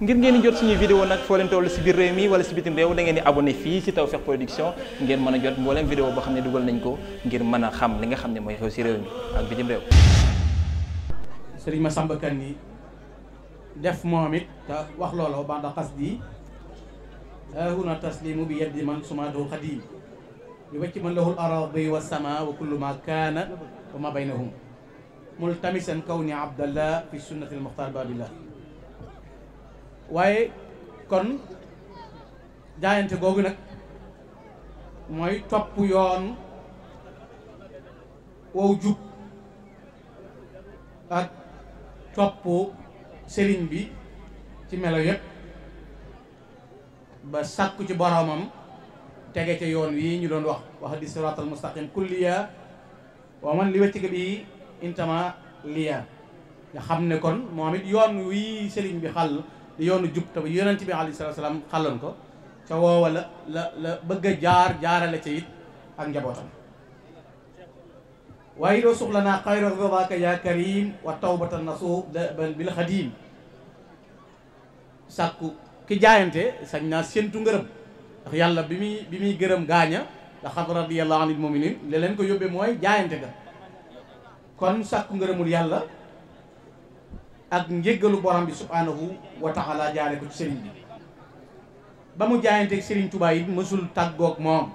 ngir ngeen di jot suñuy vidéo nag foo toll si biir réew mi wala si bitim réew da ngeen di abonné fii si Tawfekh Production ngeen mën a jot mbooleem vidéo boo xam ne dugal nañ ko ngir mën a xam li nga xam ne mooy xew si réew mi ak bitim réew sëriñ Massamba Kane yi def moom it te wax looloo banda xas di haahuna taslimu bi yeddi man sumaadu xadim li wacc man lahul aradi wa sama wa kullu ma kaana wa ma baynahum multamisan kaw ni abdallah fi sunnati al muxtar waaye kon jaayante googu nag mooy topp yoon wow jub ak topp sëriñ bi ci melo yépp ba sàkku ci boromam tege ca yoon wii ñu doon wax wax di siraatal mustaqim kulliya wa man li wéccëg bi intama liya nga xam ne kon moom it yoon wii sëriñ bi xal di yoonu jub te yonent bi alayhi salaatu salaam xàlloon ko ca woowa la la bëgg jaar jaarale ca it ak njabootam waaye doo soxla naa xayra ridaaka yaa karim wa tawbatan nasuux bil xadim sàkku ki jaayante sañ naa séentu ngërëm ndax yàlla bi muy bi muy gërëm gaaña laqad radiyallahu anil muminin li leen ko yóbbee mooy jaayante ga kon sàkku ngërëmul yàlla ak njëggalu borom bi subhanahu wa taala jaare ko ci sëriñ bi ba mu jaayanteeg sëriñ Tuubaa yi mësul tàggoog moom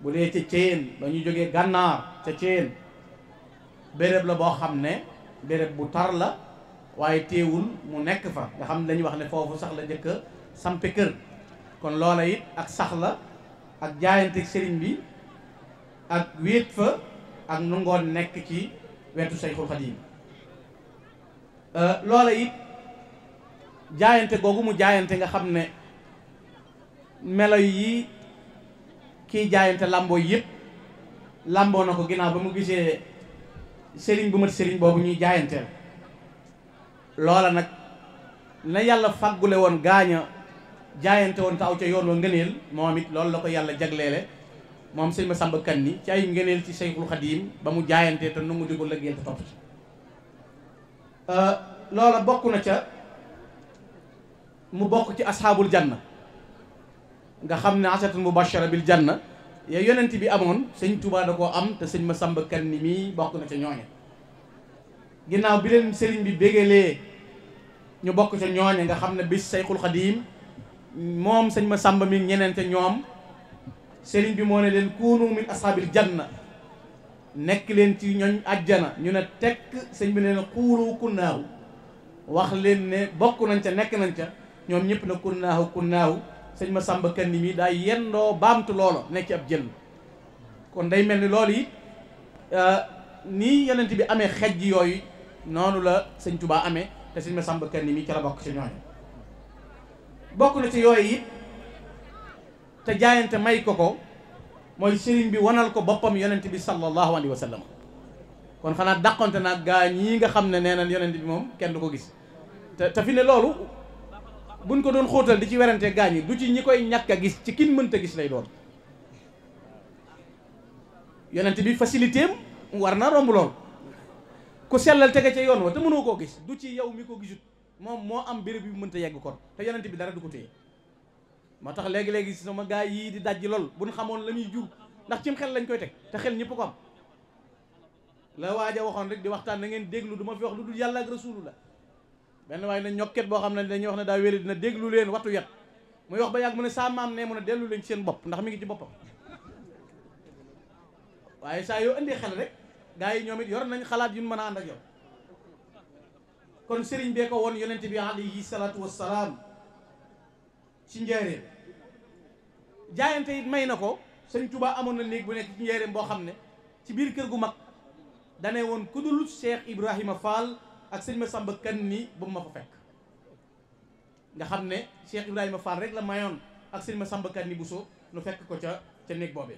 bu dee ca Ceen ba ñu jógee gànnaar ca Ceen béréb la boo xam ne béréb bu tar la waaye teewul mu nekk fa nga xam ne dañuy wax ne foofu sax la njëkk a sampe kër kon loola it ak sax la ak jaayanteeg sëriñ bi ak wéet fa ak nu ngoon nekk ci wetu Sayxul Xadiim Euh, loola it jaayante googu mu jaayante nga xam ne melo yi kiy jaayante lamboo yëpp lamboo na ko ginnaaw ba mu gisee sëriñ bu mat sëriñ boobu ñuy jaayanteel loola nag na yàlla fàggule woon gaaña jaayante woon te aw ca yoon wa ngëneel moom it loolu la ko yàlla jagleele moom sëñ ma sàmba kan ni ci ay ngëneel ci Seyxul Xadiim ba mu jaayante te nu mu di ko lëggeel te topp ci euh, loola bokk na ca mu bokk ci asxaabul janna nga xam ne asatun mubashara bil janna ya yonent bi amoon sëñ Touba da koo am te sëñ Massamba Kanni ni mii bokk na ca ñooña ginnaaw bi leen sëriñ bi bégalee ñu bokk ca ñooña nga xam ne bis Sayxul Xadiim moom sëñ Massamba mi ñeneen ca ñoom sëriñ bi moo ne leen kuunu min ashaabil janna nekk leen ci ñooñ àjjana ñu ne tekk sëñ bi ne ne xuuru naaw wax leen ne bokk nañ ca nekk nañ ca ñoom ñëpp na kunnaahu kunnaahu sëñ ma sàmba kandi mi daa yendoo baamtu loola nekk ab jël kon day mel ni loolu yi euh, nii yonent bi amee xej yooyu noonu la sëñ tubaa amee te sëñ ma sàmba kandi mi ca la bokk ci ñooñu bokk na ci yooyu it te jaayante may ko ko mooy sëriñ bi wanal ko boppam yonent bi sallallahu alayhi wa sallam kon xanaa dàqonte naag gaa ñii nga xam ne nee nañ yonent bi moom kenn du ko gis te te fi ne loolu buñ ko doon xóotal di ci werante gaa ñi du ci ñi koy ñàkk a gis ci kin mënta gis lay doon yonent bi facilité am war na romb lool ku yoon wa te koo gis du ci yow mi ko gisut moom moo am béréb yu mënta yegg kon te yonent bi dara du ko téye moo tax léegi-léegi ma gaa yii di dajji lool buñ xamoon la ñuy jur ndax cim xel lañ koy teg te xel ñëpp ko am la waaj a waxoon rek di waxtaan na ngeen déglu du ma fi wax lu dul yàlla ak rasulullah benn waaye na ñokket boo xam ne dañuy wax ne daa wéri na déglu leen wattu yet muy wax ba yàgg mu ne saa maam ne mu ne dellu leen seen bopp ndax mi ngi ci boppam waaye saa yoo indi xel rek gars yi ñoom it yor nañ xalaat yu mën a ànd ak yow kon sëriñ bee ko woon yonent bi alayhi salaatu wassalaam ci njaareem jaayante it may na ko sëñ Tuubaa amoon na néeg bu nekk ci boo xam ne ci biir kër gu mag dane woon ku dul Cheikh Ibrahima Fall ak sëñ ma Kan ni bu ma fa fekk nga xam ne Cheikh Ibrahima Fall rek la mayoon ak sëñ ma Kan ni bu so nu fekk ko ca ca néeg boobee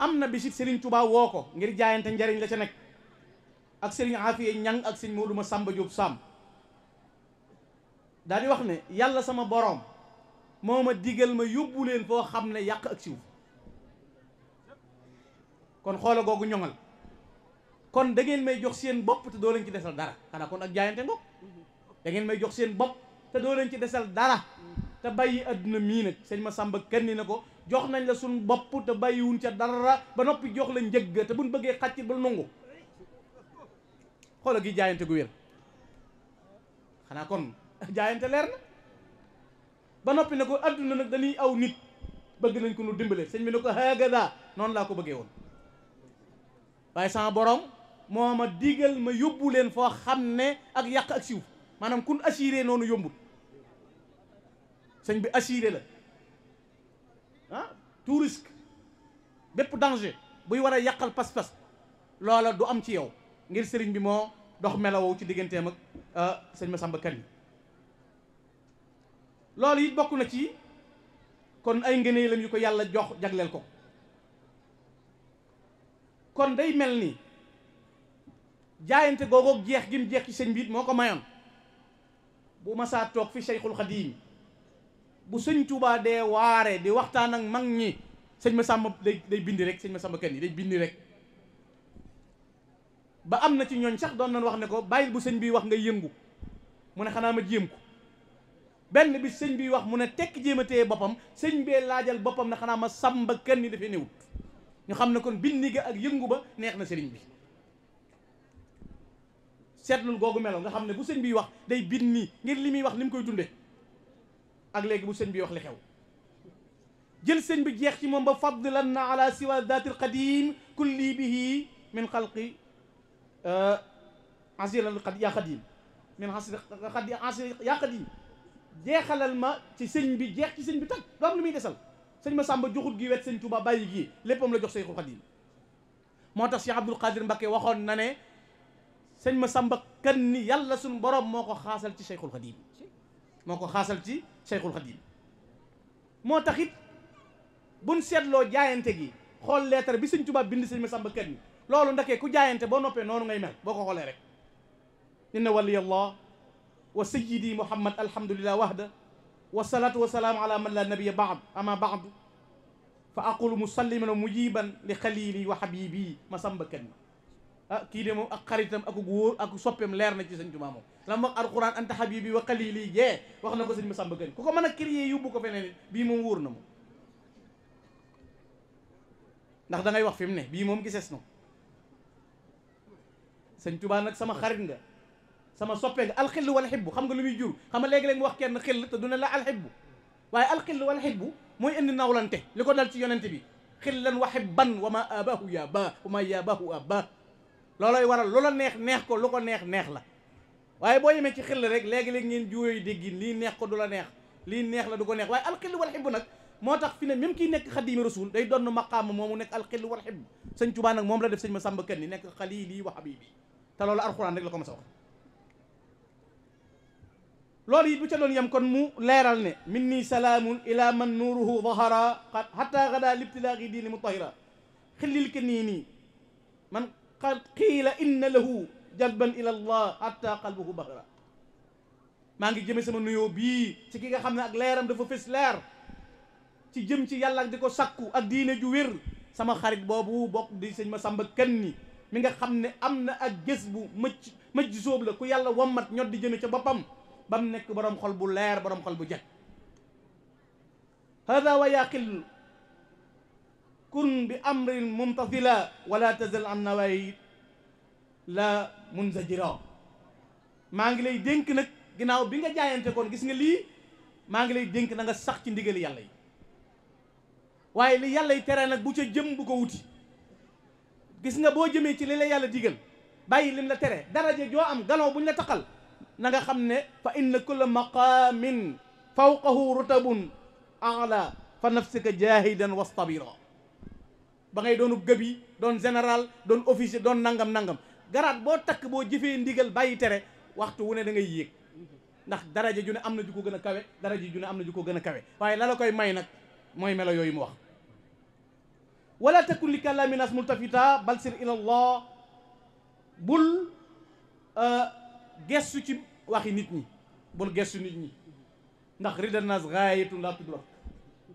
am na bisit Serigne Touba woo ko ngir jaayante njariñ la ca nekk ak Serigne Afiye Ñang ak sëñ ma Massamba Diop Sam daal di wax ne yàlla sama boroom moo ma digal ma yóbbu leen foo xam ne yàq ak siw kon xoola googu ñoŋal kon da ngeen may jox seen bopp te doo leen ci desal dara xanaa kon ak jaayante ngoog da may jox seen bopp te doo leen ci desal dara te bàyyi àdduna mii nag sëñ ma sàmba kenn ne ko jox nañ la suñ bopp te bàyyiwuñ ca dara ba noppi jox la njëgg te buñ bëggee xàcc ba nangu xoola gi jaayante gu wér xanaa kon jaayante leer na ba noppi ne ko àdduna nag dañuy aw nit bëgg nañ ko nu dimbale sëñ bi ne ko hagada noonu laa ko bëggee woon waaye sama boroom moo ma digal ma yóbbu leen foo xam ne ak yàq ak siw maanaam kun assuré noonu yombul sëñ bi assuré la ah tout risque bépp danger buy war a yàqal pas-pas loola du am ci yow ngir sëriñ bi moo dox melawoo ci digganteem ak ah, sëñ Massamba yi loolu yit bokk na ci kon ay ngëneelam yu ko yàlla jox jagleel ko kon day mel ni jaayante googoog jeex gim jeex ci sëñ bi moo ko mayoon bu masaa toog fi Cheikhul Xadim bu sëñ Tuubaa dee waare di waxtaan ak mag ñi sëñ Masamba day day bindi rek sëñ Masamba Kanni day bindi rek ba am na ci ñooñ sax doon nañ wax ne ko bàyyil bu sëñ bi wax nga yëngu mu ne xanaa ma jéem ko benn bi sëñ bi wax mu ne tekk jéem a téye boppam sëñ bee laajal boppam ne xanaa ma Samba Kanni dafay newut ñu xam ne kon bindi ga ak yëngu ba neex na sëriñ bi seetlul googu melo nga xam ne bu sëñ biy wax day bind nii ngir li muy wax ni mu koy dundee ak léegi bu sëñ bi wax li xew jël sëñ bi jeex ci moom ba fadlan na ala siwa dati alqadim kulli bihi min xalqi euh, asir ya qadim min asir asir ya qadim jeexalal ma ci sëñ bi jeex ci sëñ bi tag doo lu muy desal sëñ ma sàmba joxut gi wet sëñ Tuuba bàyyi gii léppam la jox Seyxul Xadim moo tax Cheikh Abdoul Qadir Mbacké waxoon na ne sëñ ma samba kan ni yàlla suñu borom moo ko xaasal ci cheikhul xadim moo ko xaasal ci cheikhul xadim moo tax it buñ loo jaayante gi xool lettre bi sëñ Tuubaa bind sëñ ma sàmba kan ni loolu ke ku jaayante boo noppee noonu ngay mel boo ko xoolee rek inna waliyallah wa sayyidi muhammad alhamdulillah wahda wa salaatu wa salaamu ala man la nabiya baad ama baad fa aqulu musalliman wa mujiban li xalili wa habibi ma sàmba kan ah kii de moom ak xaritam ak wóor ak soppeem leer na ci sëñ Tuubaa moom la mu wax alquran anta habibi wa xalili wax na ko sëñ ma Kanni ku ko mën a créer yóbbu ko feneen bii moom wóor na moom ndax da wax fi mu ne bii moom gisees na sëñ Tuubaa nag sama xarit nga sama soppe nga alxill wal xibbu xam nga lu muy jur xam nga léegi-léegi wax kenn xill te du ne la alxibbu waaye alxill wal xibbu mooy indi nawlante li ko dal ci yonente bi xillan wa xibban wa ma abahu ya ma yabahu looloy waral lu la neex neex ko lu ko neex neex la waaye boo yemee ci xill rek léegi-léegi ngeen juwooyu déggin lii neex ko du la neex lii neex la du ko neex waaye alxill wal xibbu nag moo tax fi ne même kiy nekk xadimi rasul day donn maqaama moomu nekk alxill wal xibbu sëñ Tuubaa nag moom la def sëñ Masamba Kanni nekk xaliili wa habiibi te loolu alxuraan rek la ko mas a wax loolu it bu ca doon yem kon mu leeral ne min nii salaamun ila man nuuruhu zahara xata gada libtilaaxi diini mutahira xillil ke nii nii man qad qiila inna lahu jalban ila allah hatta qalbuhu baxira maa ngi jëme sama nuyoo bii ci ki nga xam ne ak leeram dafa fës leer ci jëm ci yàlla ak di ko sakku ak diine ju wér sama xarit boobu bokk di sëñ ma sàmba kan ni mi nga xam ne am na ak gës bu mëcc mëcc sóob la ku yàlla wommat ñot di jëme ca boppam bam nekk borom xol bu leer borom xol bu jekk hada wa yaqil kun bi amrin mumtasila wala tazal an nawayi la munzajira maa ngi lay dénk nag ginnaaw bi nga jaayante kon gis nga lii maa ngi lay dénk nanga nga sax ci ndigali yàlla waaye li yàlla yi tere nag bu ca jëm bu ko wuti gis nga boo jëmee ci li la yàlla digal bàyyi lim la tere daraje joo am ganoo buñ la taxal na nga xam ne fa inna kulla maqamin fawqahu rutabun ala fa nafsika jahidan wastabira ba ngay doonu gëbi doon général doon officier doon nangam nangam garaat boo takk boo jëfee ndigal bàyyi tere waxtu wu ne dangay ngay yéeg ndax daraja ju ne am na ju ko gën a kawe daraja ju ne am na ju ko gën a waaye la koy may nag mooy melo yooyu mu wax wala takun li kalaami nas multafita bal sir ila allah bul euh, gestu ci waxi nit ñi bul gestu nit ñi ndax rida nas gaayatun la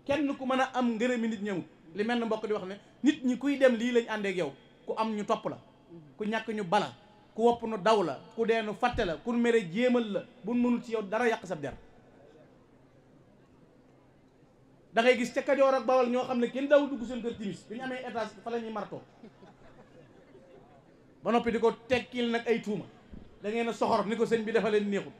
kenn ku mën a am ngërëmi nit ñëw li mel na mbokk di wax ne nit ñi kuy dem lii lañ àndeek yow ku am ñu topp la ku ñàkk ñu bala ku wopp nu daw la ku dee nu fàtte la ku mere jéemal la bu mënul ci yow dara yàq sab der da gis ca Kajoor ak Bawol ñoo xam ne kenn daaw dugg seen kër timis bi ñu amee étage fa la ñuy martoo ba noppi di ko tekkiil nag ay tuuma da ngeen soxor ni ko sëñ bi dafa leen neexul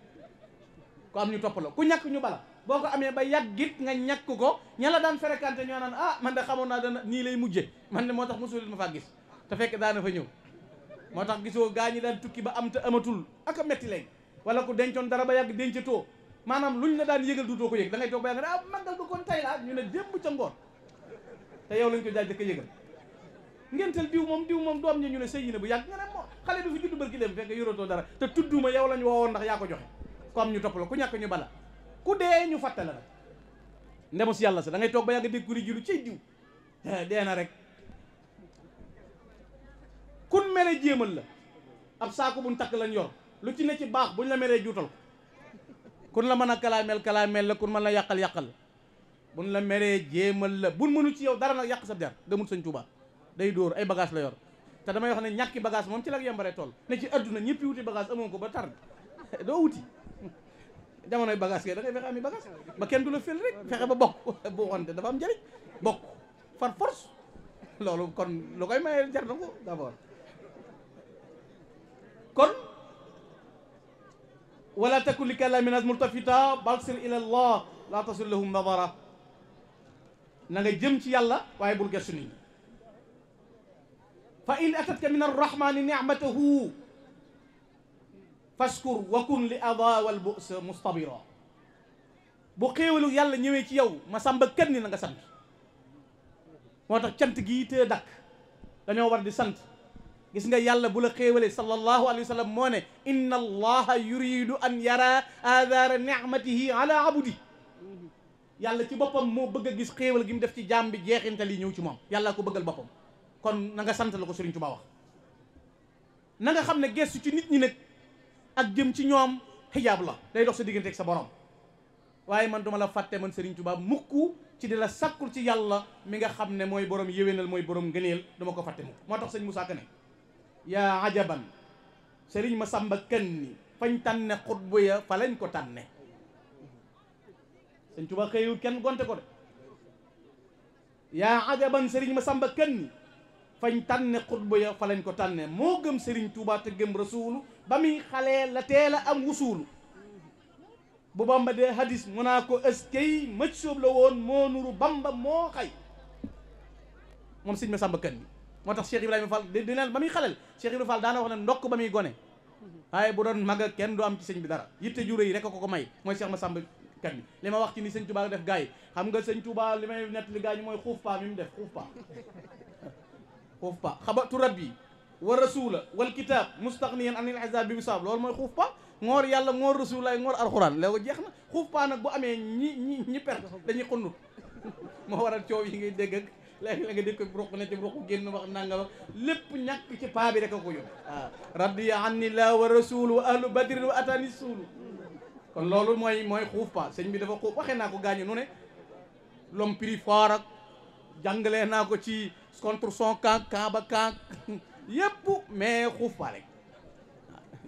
ku am ñu topp la ku ñàkk ñu bala boo ko amee ba yàggit nga ñàkk ko ña la daan fréquenté ñoo naan ah man de xamoon naa dana nii lay mujje man de moo tax mosulit ma faa gis te fekk daana fa ñëw moo tax gisoo gaa ñi daan tukki ba am te amatul ak a metti léegi wala ku dencoon dara ba yàgg dencatoo maanaam lu ñu la daan yëgal duutoo ko yëg da ngay toog ba yàgg ah màggal ko kon tay la ñu ne démb ca ngoon te yow lañ ko diw moom diw moom doom ñi ñu ne sëy na bu yàgg nga ne moo xale bi fi juddu barki dem fekk yorotoo dara te tudduma yow lañ woowoon ndax yaa ko joxe ko am ñu topp la ku ñàkk ñu bala ku dee ñu fàtte la nag ndemu si yàlla sa da ngay toog ba yàgg dégg kuri lu ciy jiw eh, dee na rek kun mere jéemal la ab saako buñ takk lañ yor lu ci ne ci baax buñ la meree juutal ko kun la mën a kalaameel kalaameel la kun mën la yàqal yàqal la buñ la meree jéemal la buñ mënu ci yow dara nag yàq sa der gëmul sëñ Tuubaa day dóor ay bagage la yor te damay wax ne ñàkki bagage moom ci la yembaree toll ne ci adduna ñëpp wuti bagage amoon ko ba tard doo jamonoy bagage kay da ngay fexe ami bagage ba kenn du la fel rek fexe ba bokk bu wante dafa am njëriñ bokk par force loolu kon lu koy maye jar na ko d'abord kon wala takun li kalaminag multafita balsil ila allah la tasul lahum nadara na nga jëm ci yàlla waaye bul gestu nit ñi fa in atatka min arrahmani nicmatahu fashkur wa kun li ada wal bu's mustabira bu xéewalu yàlla ñëwee ci yow ma sàmba kenn ni na nga sant moo tax cant gii te dakk dañoo war di sant gis nga yàlla bu la xéewalee sallallahu alayhi wa sallam moo ne inna allaha yuridu an yara aadaara nicmatihi ala abudi yàlla ci boppam moo bëgg a gis xéewal gi mu def ci jaam bi jeexintal yi ñëw ci moom yàlla ko bëggal boppam kon na nga sant la ko Sëriñ Tuubaa wax na nga xam ne gestu ci nit ñi nag ak jëm ci ñoom xijaab la day dox sa diggante ak sa borom waaye man duma la fàtte man Serigne Touba mukk ci di la sàkkul ci yàlla mi nga xam ne mooy borom yéwénal mooy borom ngëneel duma ko fàtte mukk moo tax sëñ Moussa Kane yaa ajaban Serigne Massamba Kanni fañ tànne xutbu ya fa lañ ko tànne sëñ Touba kenn gonte ko de yaa ajaban Serigne Massamba Kanni fañ tànne xutbu ya fa lañ ko tànne moo gëm Serigne Touba te gëm rasuulu ba muy xale la teel a am wusuulu bu bamba dee hadis mu naa ko ëskey mëj sóob la woon moo nuru bamba moo xay moom sëñ ma sàmba kan bi moo tax Cheikh Ibrahima Fall di naan ba muy xalel Cheikh Ibrahima Fall daana wax ne ndokk ba muy gone waaye bu doon mag kenn du am ci sëñ bi dara yitte jure yi rek ko ko may mooy Cheikh ma sàmba kan bi li ma wax ci ni sëñ Touba def gaa yi xam nga sëñ Touba li may nett li yi mooy xuuf paa mi mu def xuuf paa xuuf paa xabatu rab yi war rasula wal kitab mustaqniyan anil azab bi bisaab loolu mooy xuuf pa ngoor yàlla ngoor rasulaay ngoor alxuraan léegi jeex na xuuf pa nag bu amee ñi ñi perte dañuy xundu moo waral coow yi ngay dégg ak léegi la nga dégg ko ruq ne ci ruq génn wax nanga wax lépp ñàkk ci paa bi rek a ko yóbbu waaw ah. radiya anillah wa rasul wa ahlu badrin wa atani suulu kon loolu mooy mooy xuuf pa sëñ bi dafa xuuf waxee naa ko gaañu nu ne l'homme pris fort ak jàngalee naa ko ci contre son camp camp yépp mais xuuf baa rek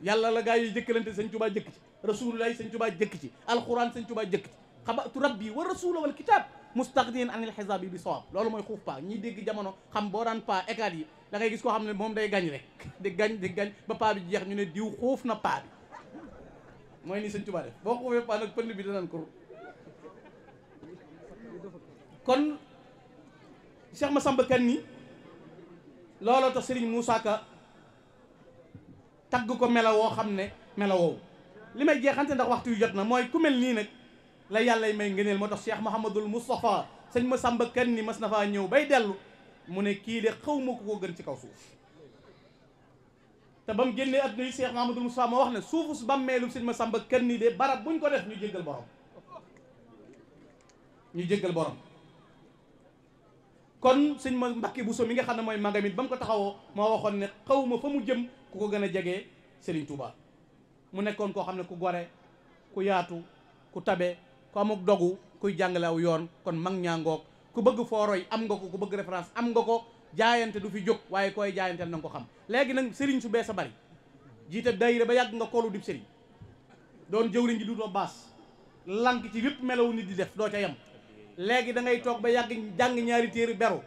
yàlla la gaa yi jëkkalante sëñ Tuubaa jëkk ci rasulullahi sëñ Tuubaa jëkk ci alquran sëñ Tuubaa jëkk ci xabatu rabbi wa rasula wal kitab mustaqdin an il xisaab yi bi sawab loolu mooy xuuf paa ñiy dégg jamono xam boo daan paa écart yi da ngay gis koo xam ne moom day gañ rek di gañ di gañ ba paa bi jeex ñu ne diw xuuf na paa bi mooy nii sëñ Tuubaa def boo xuufee paa nag pënd bi danañ ko kon Cheikh Massamba Kanni looloo tax Serigne Moussa Ka tagg ko mela woo xam ne mela li may jeexante ndax waxtu yu jot na mooy ku mel nii nag la yàllay may ngëneel moo tax Cheikh Mouhamadul Moustapha sëñ ma sàmba kan ni mas na faa ñëw bay dellu mu ne kii de xaw ma ko ko gën ci kaw suuf te ba mu génnee adduna yi Cheikh Mouhamadul Moustapha moo wax ne suufu su bàmmeelu sëñ ma sàmba kan ni de barab buñ ko def ñu jéggal borom ñu jéggal borom kon sëñ ma bu so mi nga xam ne mooy magamit ba mu ko taxawoo moo waxoon ne xaw ma fa mu jëm ku ko gën a jege Serigne Touba mu nekkoon koo xam ne ku gore ku yaatu ku tabe ku amuk dogu kuy jàngale aw yoon kon mag ñaangoog ku bëgg fooroy am nga ko ku bëgg référence am nga ko jaayante du fi jóg waaye koy jaayanteel na nga ko xam léegi nag Serigne su bee sa bari jiite dayira ba yàgg nga koolu dib Serigne doon jëwriñ ji du doo baas lank ci yëpp melawu nit di doo ca yem léegi da ngay toog ba yàgg jàng ñaari téere beru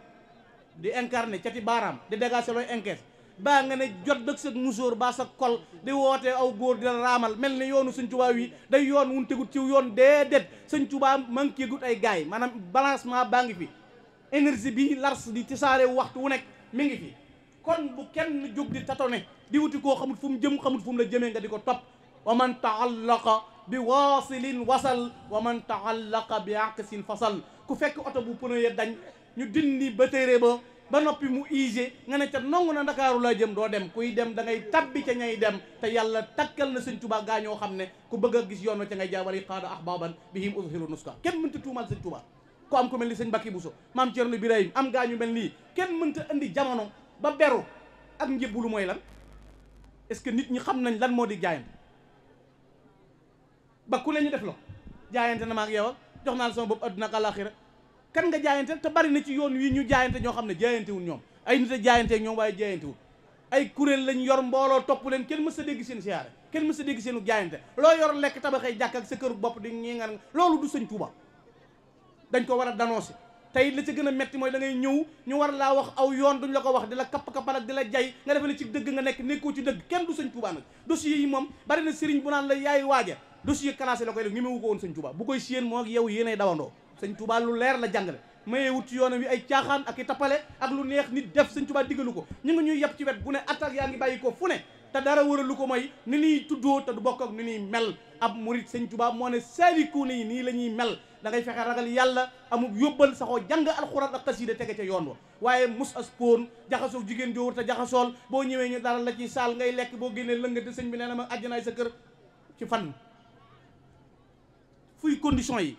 di incarné cati baaraam di dégagé looy encaisse baa nga ne jot dëgg sa musóor baa sa kol di woote aw góor di la raamal mel ne yoonu sëñ Tuubaa wi day yoon wun tegut ci yoon déedéet sëñ Tuubaa manqué gut ay gaay maanaam balancement baa ngi fi énergie bi lars di ci saare waxtu wu nekk mi ngi fi kon bu kenn jóg di tato ne di wuti koo xamut fu mu jëm xamut fu la jëmee nga di ko topp wa man taallaqa bi waasilin wasal wa man taallaqa bi aqsin fasal ku fekk oto bu pneu ya dañ ñu dindi ba téere ba ba noppi mu IG nga ne ca nongu na ndakaaru laa jëm doo dem kuy dem da ngay tabbi ca ñay dem te yàlla takkal na sëñ Tuubaa gaa ñoo xam ne ku bëgg a gis yoon wa ca ngay jaawali xaada ahbaban bihim udhiru nuska kenn mënta tuumal sëñ Tuubaa ku am ko mel ni sëñ Mbàkke Buso maam Cerno Birahim am gaa ñu mel nii kenn mënta indi jamono ba beru ak njëbbulu mooy lan est-ce que nit ñi xam nañ lan moo di jaayam ba ku ne ñu def la jaayante na ma ak yow jox naa la sama bopp adduna ak àllaaxira kan nga jaayante te bari na ci yoon wii ñu jaayante ñoo xam ne jaayante wul ñoom ay nit a jaayante ñoom waaye jaayante wul yor mbooloo topp leen kenn mës a dégg seen siyaare kenn mës a dégg seenu jaayante loo yor lekk tabaxee jàkk ak sa këru bopp di ñi nga loolu du sëñ Tuuba dañ ko war a dénoncé tey la ci gën a metti mooy dangay ñëw ñu war laa wax aw yoon duñ la ko wax di la kapp-kappal ak di la jay nga defe ne ci dëgg nga nekk nekkoo ci dëgg kenn du sëñ Tuuba nag dossier yi moom bari na sëriñ bu naan la yaay waaja dossier classé la koy def ñi mewu ko woon sëñ Touba bu koy siyeen moo ak yow yéenay dawandoo sëñ Touba lu leer la jàngale mayee wut ci yoonam wi ay caaxaan ak i tappale ak lu neex nit def sëñ Touba diggalu ko ñu ngi ñuy yàpp ci wet bu ne attaque yaa ngi bàyyi ko fu ne te dara waralu ko mooy ni ñuy tuddoo te du bokk ak ni ñuy mel ab murit sëñ tubaab moo ne saaliku yi nii la ñuy mel dangay ngay fexe ragal yàlla amul yóbbal saxoo jàng alxuraan ak xasida tege ca yoon wa waaye mus as póon jaxasoo jigéen joo war te jaxasool boo ñëwee ñu dara la ci saal ngay lekk boo génnee lëngate sëñ bi nee na ma àjjanaay sa kër ci fan fuy condition yi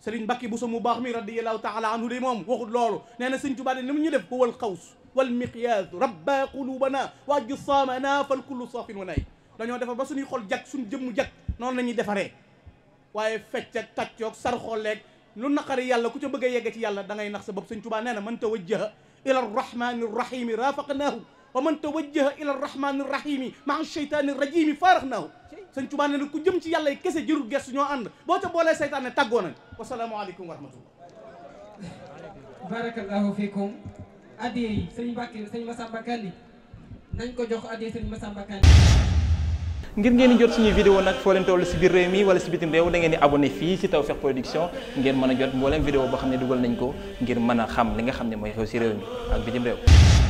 Serigne Mbacke Bousso mu baax mi radiyallahu taala anhu de moom waxut loolu nee na Sëñ Tuubaa de ni mu ñu def huwa alxaws walmiqyaas rabba qulubana wa jusaamana fal kullu safin wa nay dañoo defar ba suñuy xol jag suñ jëmm jat noonu la ñuy defaree waaye fecc ak tàccoog sar xolleeg lu naqari yàlla ku ca bëgg a yegg ci yàlla da ngay nax sa bopp Sëñ Tuubaa nee na man tawajjaha ila arrahmani arrahimi rafaqnaahu wa man tawajjaha ila arrahmani irrahimi maa sheytaani rajimi faarax naahu sëñ Tuubaa ne ku jëm ci yàlla yi kese jërul gestu ñoo ànd boo ca boolee seytaan ne tàggoo nañ wasalaamualeykum wa rahmatullah barakallahu fikum addiye yi sëñ Mbàkke sëñ Masamba Kandi nañ ko jox addiye sëñ Masamba Kandi ngir ngeen di jot suñuy vidéo nag foo leen toll si biir réew mi wala si bitim réew da ngeen di abonné fii si Tawfekh Production ngeen mën a jot mbooleem vidéo boo xam ne dugal nañ ko ngir mën a xam li nga xam ne mooy xew si réew mi ak bitim réew